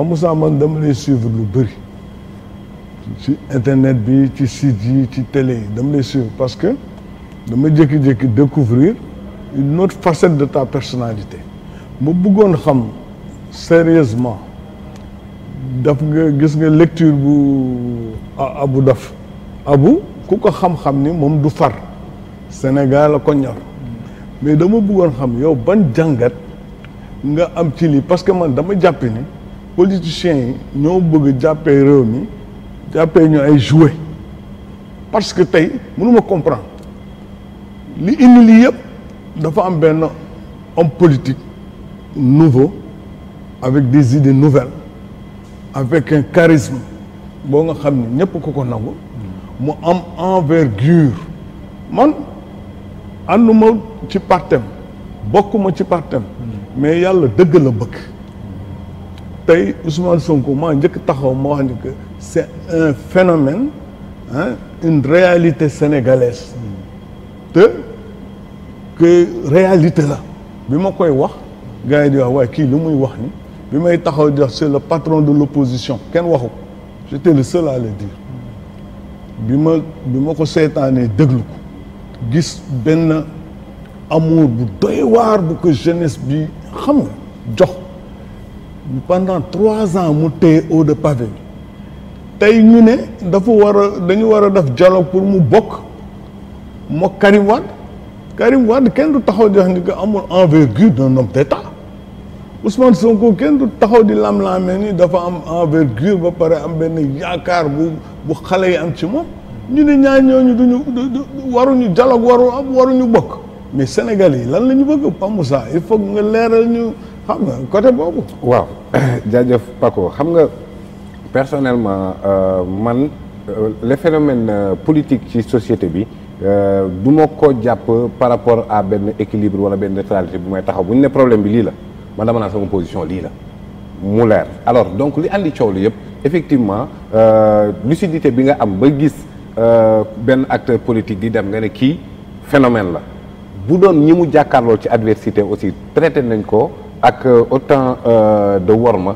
waaw Moussa man dama lay suivre lu bëri ci internet bi ci site yi ci télé yi dama lay suivre parce que dama jékki-jékki découvrir une autre facette de ta personalité ma bëggoon xam sérieusement daf nga gis nga lecture bu abu daf abu ku ko xam-xam ni moom du far Sénégal a ko ñor mais dama buggoon xam yow ban jàngat nga am ci lii parce que man dama jàpp ni politiciens yi ñoo bëgg jàppee réew mi jàppee ñu ay jouet parce que tey mënuma comprendre li indi lii yëpp dafa am benn homme politique nouveau avec des idées nouvelles avec un charisme boo nga xam ne ñëpp ko ko nangu mu am envergure man ànduma ci partem bokkuma ci partem mais yàlla dëgg la bëgg tey Ousmane Sonko maa njëkk taxaw ma wax ni que c'est un phénomène ah une réalité sénégalaise te que réalité la bi ma koy wax gars yi di wax waaye kii lu muy wax ni bi may taxaw di wax c'est le patron de l'opposition kenn waxu j'étais le seul le dire bi ma bi ma ko seetaanee déglu ko gis benn amour bu doy waar bu ko jeunesse bi xam jox pendant trois ans mu téye eau de pavé tey ñu ne dafa war dañu war a def dialogue pour mu bokk moo Karim Wade Karim Wade kenn du taxaw di wax ni que amul envergure d'un homme d'État Ousmane Sonko kenn taxaw di lam-laamee ni dafa am envergure ba pare am benn yaakaar bu bu xale yi am ci moom ñu ne ñaa ñooñu duñu waruñu dialogue waru ñu bokk mais Sénégal yi lan lañu ñu bëgg Pa Moussa il faut nga leeral ñu xam nga côté boobu. waaw jaajëf pako xam nga personnellement euh, man euh, le phénomène euh, politique ci société bi du ma ko jàpp par rapport à benn équilibre wala benn neutralité bu may taxaw bu ñu ne problème bi lii la man dama naan sama position lii la mu leer. alors donc li andi coow li yëpp effectivement lucidité bi nga am ba gis benn acteur politique di dem nga ne kii phénomène la bu doon ñi mu jàkkaarloo ci adversité aussi traité nañ ko. ak euh, autant euh, de worma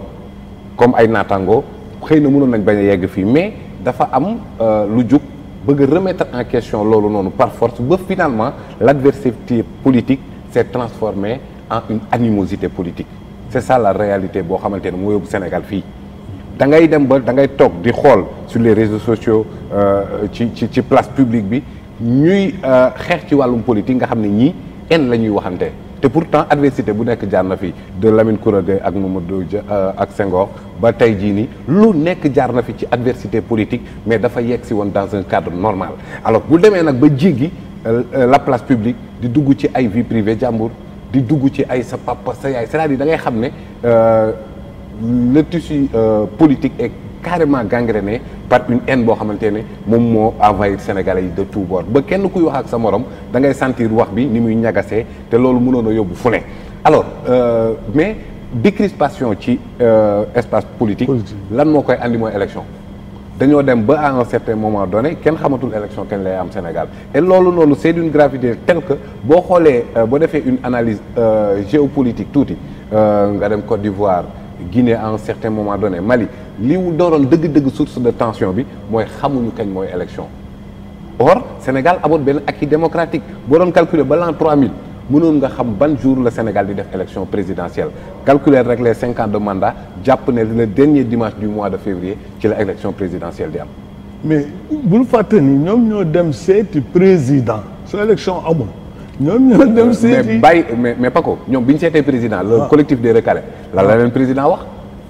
comme ay naataango xëy na mënoon nañ bañ a yegg fii mais dafa am euh, lu jug bëgg remettre en question loolu noonu par force ba finalement l'adversité politique s'est transformée en une animosité politique c'est ça la réalité boo xamante ne moo yóbbu Sénégal fii da ngay dem ba da ngay toog di xool sur les réseaux sociaux ci ci ci place publique bi ñuy xeex ci wàllum politique nga xam ne ñii en la ñuy waxante te pourtant adversité bu nekk jaar na fi de Lamine Kouradé ak Mamadou Dia euh, ak Senghor ba tey jii nii lu nekk jaar na fi ci adversité politique mais dafa yegg si woon dans un cadre normal alors bu demee nag ba jéggi euh, euh, la place publique di dugg ci ay vie privée jàmbur di dugg ci ay sa papa sa yaay cest à xam ne le tissu euh, politique est carrément gangréné par une haine boo xamante ne moom moo envahir Sénégalais yi de tous bords ba kenn kuy wax ak sa morom da ngay sentir wax bi ni muy ñagasee te loolu mënoon a yóbbu fu ne alors euh, mais décrispation ci euh, espace politique lan moo koy andi mooy élection dañoo dem ba à un certain moment donné kenn xamatul élection kenn lay am Sénégal et loolu loolu c'est d'une gravité telle que boo xoolee euh, boo defee une analyse euh, géopolitique tuuti euh, nga dem Côte d'Ivoire Guinée à un certain moment donné Mali li wu dooroon dëgg-dëgg source de tension bi mooy xamuñu kañ mooy élection or Sénégal amoon benn acquis démocratique boo doon calculer ba l'an 3000 mënoon nga xam ban jour la Sénégal di def élection présidentielle calculer rek les cinq ans de mandat jàpp ne le dernier dimanche du mois de février ci la élection présidentielle di am. mais bul fàtte ni ñoom ñoo dem seeti président su élection amul. ñoom ñoo dem seeti mais bàyyi mais mais Paco ñoom bi ñu seetee président. le ah. collectif des recalés. la la ah. leen président wax.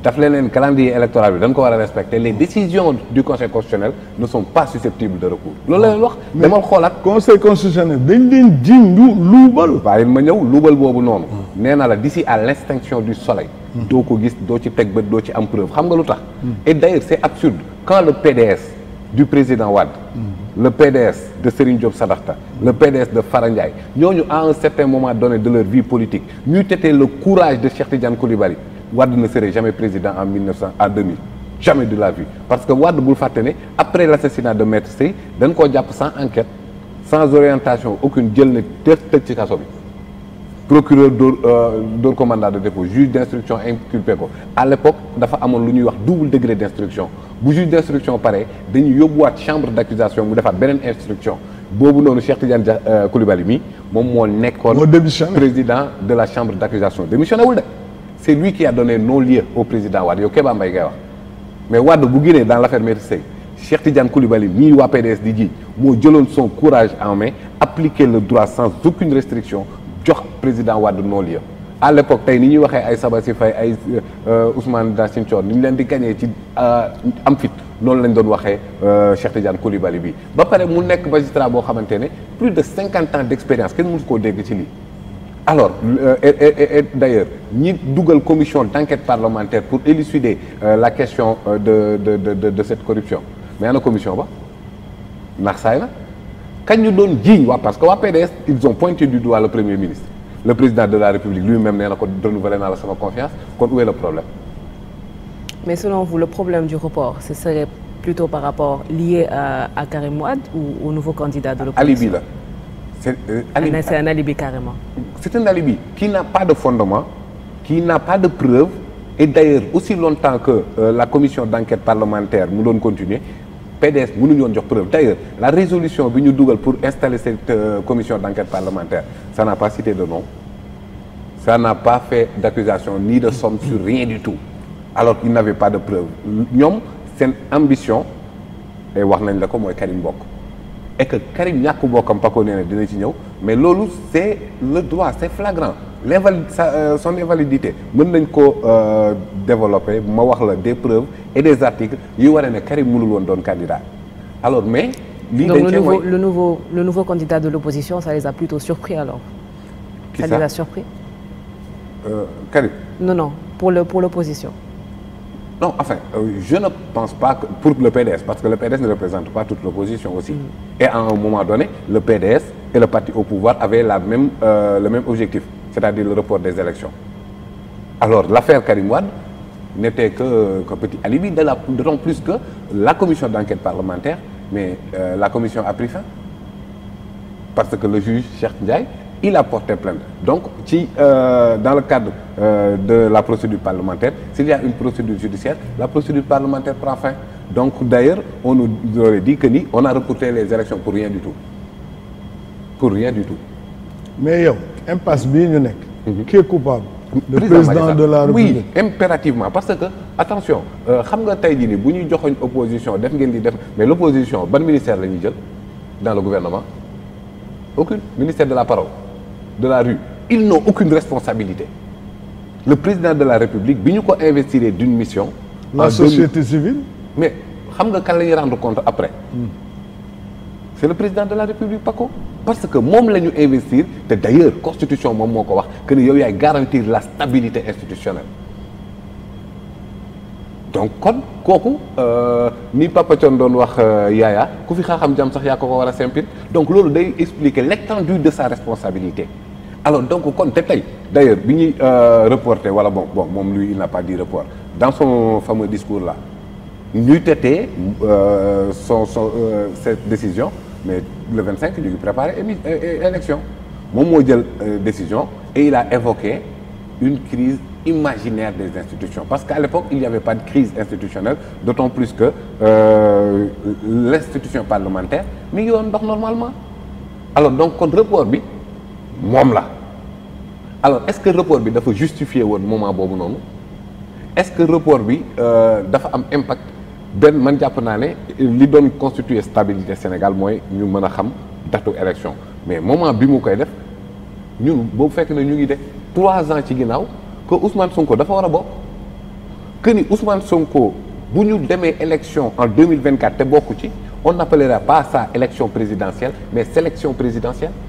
daf leen leen calendrier électoral bi dañ ko war a respecter les décisions du conseil constitutionnel ne sont pas susceptibles de recours. loolu la leen wax ah. demal xoolaat. conseil constitutionnel dañ leen jiñ luubal. bàyyi ma ñëw luubal boobu noonu. nee na la d'ici à l'extinction du soleil. doo ko gis doo ci teg bët doo ci am preuve xam nga lu tax. et d'ailleurs c'est absurde quand PDS. du président Wade mm-hmm. le PDS de Serigne Diop Sadakhta le PDS de Fara Ndiaye ñu en un certain moment donné de leur vie politique ñuy tetee le courage de Cheikh Tidiane Coulibaly Wade na serait jamais président en 1900 à 2000 jamais de la vie parce que wadd bul fàtte ne après l'assassinat de Maître Sèye dañ koo jàpp sans enquête sans orientation aucune jël na tëj ci kaso bi procureur dóor euh, dóor ko mandat de dépôt juge d'instruction inculpé ko à l'époque dafa amoon lu ñuy wax double degré d'instruction bu juge d'instruction pare dañuy yóbbuwaat chambre d'accusation mu defaat beneen instruction boobu noonu Cheikh Tidiane Dia Coulibaly euh, mi moom moo nekkoon président de la chambre d'accusation démissionné wul de c'est lui qui a donné non-lieu au président Wade yow Kéba Mbaye ngay wax mais Wade bu génnee dans l'affaire Maître Sèye en main appliquer le droit sans aucune jox président wadd non-lieu à l'époque tey ni ñuy waxee ay Sabassi Faye ay euh, Ousmane Racine Thior ni ñu leen di gañee ci euh, am fit noonu lañ doon waxee euh, Cheikh Tidiane Coulibaly bi ba pare mu nekk magistrat boo xamante ne plus de cinquante ans d'expérience kenn mënu koo dégg ci lii alors et d'ailleurs ñi dugal commission d'enquête parlementaire pour élucider la question de de de de cette corruption mais ana commission ba ndax saay na kañ ñu doon jiiñ waa parce que waa PDS ils ont pointé du doigt le premier ministre le président de la république lui-même nee na ko renouvelé naa la sama confiance kon où est le problème. mais selon vous le problème du report ce serait plutôt par rapport lié à, à Karim Wade ou au nouveau candidat de l'opposition alibi la. c'est euh, ah, alibi c'est un alibi qui n'a pas de fondement qui n'a pas de preuve et d'ailleurs aussi longtemps que euh, la commission d'enquête parlementaire mu doon continuer PDS mënuñu woon jox preuve d'ailleurs la résolution bi ñu dugal pour installer cette euh, commission d'enquête parlementaire ça n'a pas cité de nom ça n'a pas fait d'accusation ni de somme sur rien du tout alors qu'il n'avait pas de preuve ñoom seen ambition et wax nañ la ko mooy Karim mbokk et que Karim ñàkk bokkam Paco nee na dina ci ñëw mais loolu c'est le droit c'est flagrant l'invalide euh, son invalidité mën nañ ko euh, développer ma wax la des preuves et des articles yuy waree ne cari mënul woon doon candidat alors mais. lii dañ cee mooy donc le nouveau le nouveau le nouveau candidat de l'opposition ça les a plutôt surpris alors. qui ça, ça les a surpris. Euh, non pour le pour l'opposition. non enfin euh, je ne pense pas pour le PDS parce que le PDS ne représente pas toute l'opposition aussi. Mmh. et à un moment donné le PDS et le parti au pouvoir avaient la même le même objectif. c'est-à-dire le report des élections alors l'affaire Karim Wade n'était que que petit alibi de la d'autant plus que la commission d'enquête parlementaire mais euh, la commission a pris fin parce que le juge Cheikh Ndiaye il a porté plainte donc ci euh, dans le cadre euh, de la procédure parlementaire s'il y a une procédure judiciaire la procédure parlementaire prend fin donc d'ailleurs on nous aurait dit que ni on a reporté les élections pour rien du tout pour rien du tout mais yow impasse bi ñu nekk. Mhm. qui est coupable. le président de la République oui impérativement parce que attention euh, xam nga tey jii nii bu ñuy joxoñ opposition def ngeen di def mais l' opposition ban ministère la ñuy jël dans le gouvernement aucune ministère de la parole de la rue ils n'ont aucune responsabilité le président de la République bi ñu ko investir d'une mission. la société civile. mais xam nga kan la ñuy rendre compte après. Hmm. c' le président de la république Paco parce que moom la ñu investir te d' ailleurs constitution moom moo ko wax que ni yow yaay garantir la stabilité institutionnelle donc kon kooku euh, ni Papa doon wax euh, Yaaya ku fi xaaxam jàmm sax yaa ko ko war a simpil donc loolu day expliquer l' étendue de sa responsabilité alors donc kon te tey d' bi ñuy euh, reporté wala bon bon moom lui il n'a pas dit report dans son fameux discours la ñuy tetee son son cette décision mais le 25 ñu ngi préparé élection moom moo jël euh, décision et il a évoqué une crise imaginaire des institutions parce qu'à l'époque il n'y avait pas de crise institutionnelle d'autant plus que euh, l'institution parlementaire mi ngi woon dox normalement alors donc kon report bi moom la alors est-ce que report bi dafa justifier woon moment boobu noonu est-ce que report bi euh, dafa am impact benn man jàpp naa ne li doon constituer stabilité Sénégal mooy ñu mën a xam datu élection mais moment bi mu koy def ñun boobu fekk na ñu ngi def trois ans ci ginnaaw que Ousmane Sonko dafa war a bokk que ni Ousmane Sonko bu ñu demee élection en 2024 te bokku ci on n'appellera pas ça élection présidentielle mais sélection présidentielle